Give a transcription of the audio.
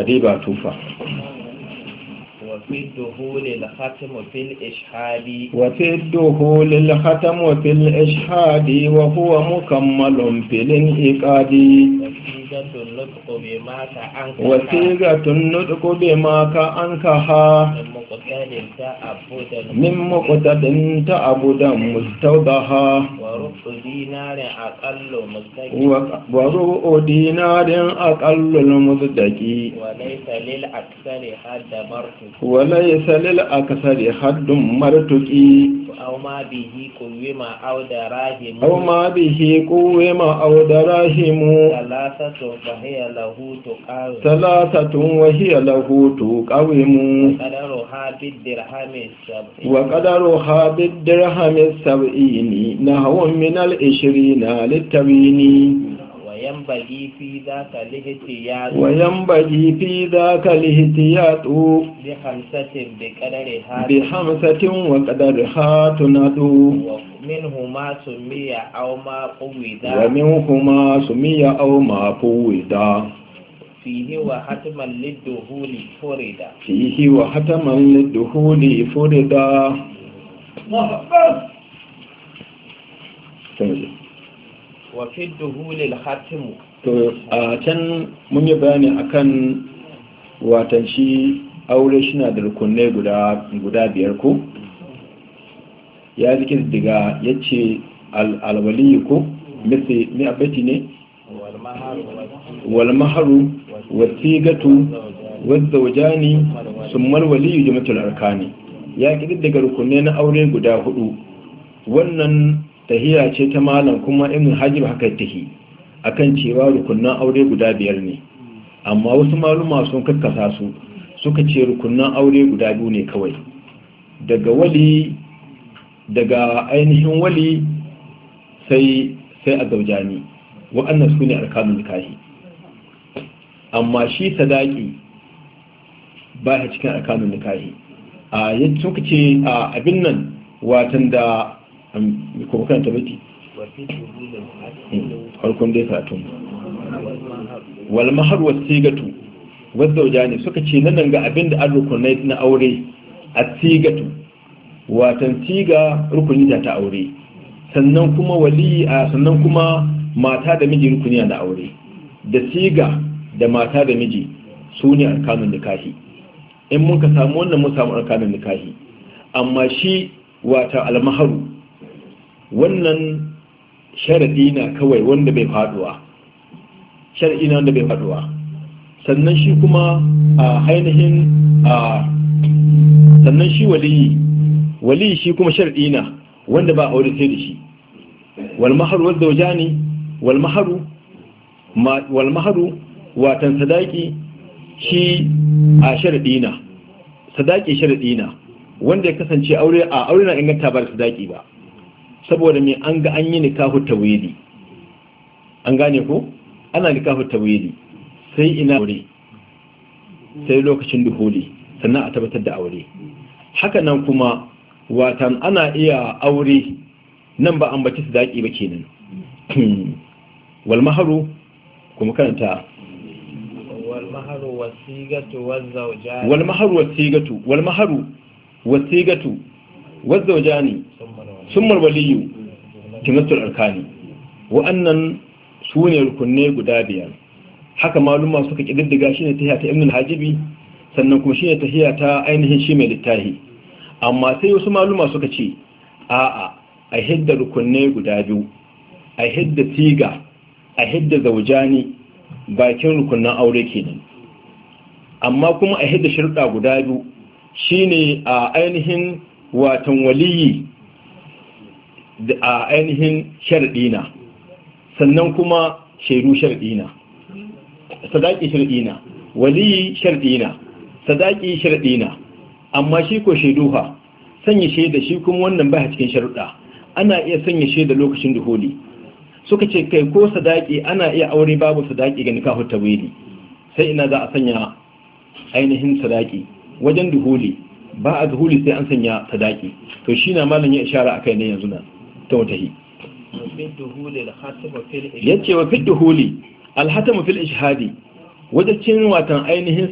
adiba tufa wa fi duhul al-khatam fi al-ishhad wa huwa mukammalun fil iqadi wa tigatun nutqu bima ka anka ha min muƙutaɗin ta abudan mustau da ha wa ruɓu dinarin aƙallo musdaki wa laisa lil aksari haddun martuki aw ma bihi kuwe ma aw da rahimu talatatun wa hiya lahutu ƙawemu وقدرها بالدرهم السبعين نهو من العشرين للتبين وينبغي في ذاك الاهتياط بخمسة بقدرها بخمسة وقدرها تنادو ومنهما سمي أو ما قويدا ومنهما سمي أو ما fihi wa hataman lidduhuli furida fihi wa hataman lidduhuli furida wa fi duhulil hatimu to a can mun yi bayani akan watan shi aure shi na da rukunai guda biyar ku. ya zike daga ya ce alwaliyu ku mai ne walmaharu wasigatu wazzawjani summal waliyu jamatul arkani ya daga rukunne na aure guda hudu wannan tahiya ce ta malam kuma ibn hajib haka tahi akan cewa rukunnan aure guda biyar ne amma wasu maluma sun kakkasa su suka ce rukunnan aure guda biyu ne kawai daga wali daga ainihin wali sai sai a zaujani wa'annan su ne arkanun nikahi amma shi sadaki ba ya cikin akanun nikahi a yin suka ce a abin nan watan da kuma ta tabbati harkun dai karatun walmahar wasu was sigatu wadda ne suka ce nan ga abin da an rukun na aure a sigatu watan siga rukuni ta aure sannan kuma wali sannan kuma mata da miji rukuniya na aure da siga da mata da miji su ne arkanun nikahi in mun ka samu wannan mun samu arkanun nikahi amma shi wata almaharu wannan sharadi na kawai wanda bai faduwa sharadi na wanda bai faduwa sannan shi kuma a ainihin a sannan shi waliyi waliyi shi kuma sharadi na wanda ba aure sai da shi wal maharu wajani zawjani wal maharu wal maharu watan sadaki shi a sharadi sadaki sharadi wanda ya kasance aure a aure na inganta ba da sadaki ba saboda me an ga an yi nikahu tawili an gane ko ana nikahu tawili sai ina aure sai lokacin duhuli sannan a tabbatar da aure haka nan kuma watan ana iya aure nan ba an baci sadaki ba kenan wal maharu kuma karanta Walmaharu wasigatu والزوجان والمهر والسيغة والمهر والسيغة والزوجان ثم الولي جملة sune rukunne guda الكنة haka maluma suka kididdiga shine tahiya ta ibn al-hajibi sannan kuma shine tahiya ta ainihin shi mai littahi amma sai wasu maluma suka ce a'a a hidda rukunne guda biyu a hidda siga a hidda zaujani bakin rukunnan aure kenan amma kuma a hidda shirɗa guda biyu shine a ainihin watan waliyi a ainihin sharɗina sannan kuma shaidu sharɗina sadaki sharɗina waliyi sharɗina sadaki sharɗina amma shi ko shaiduha sanya shaida shi kuma wannan baya cikin sharuɗa ana iya sanya shaida lokacin duholi suka ce kai ko sadaki ana iya aure babu sadaki ga nikahu tawili sai ina za a sanya ainihin sadaki wajen duhuli ba a duhuli sai an sanya sadaki to shi na malam ya ishara akai ne yanzu na ta wata hi ya ce wa fit duhuli alhatama fil ishadi wajen cin watan ainihin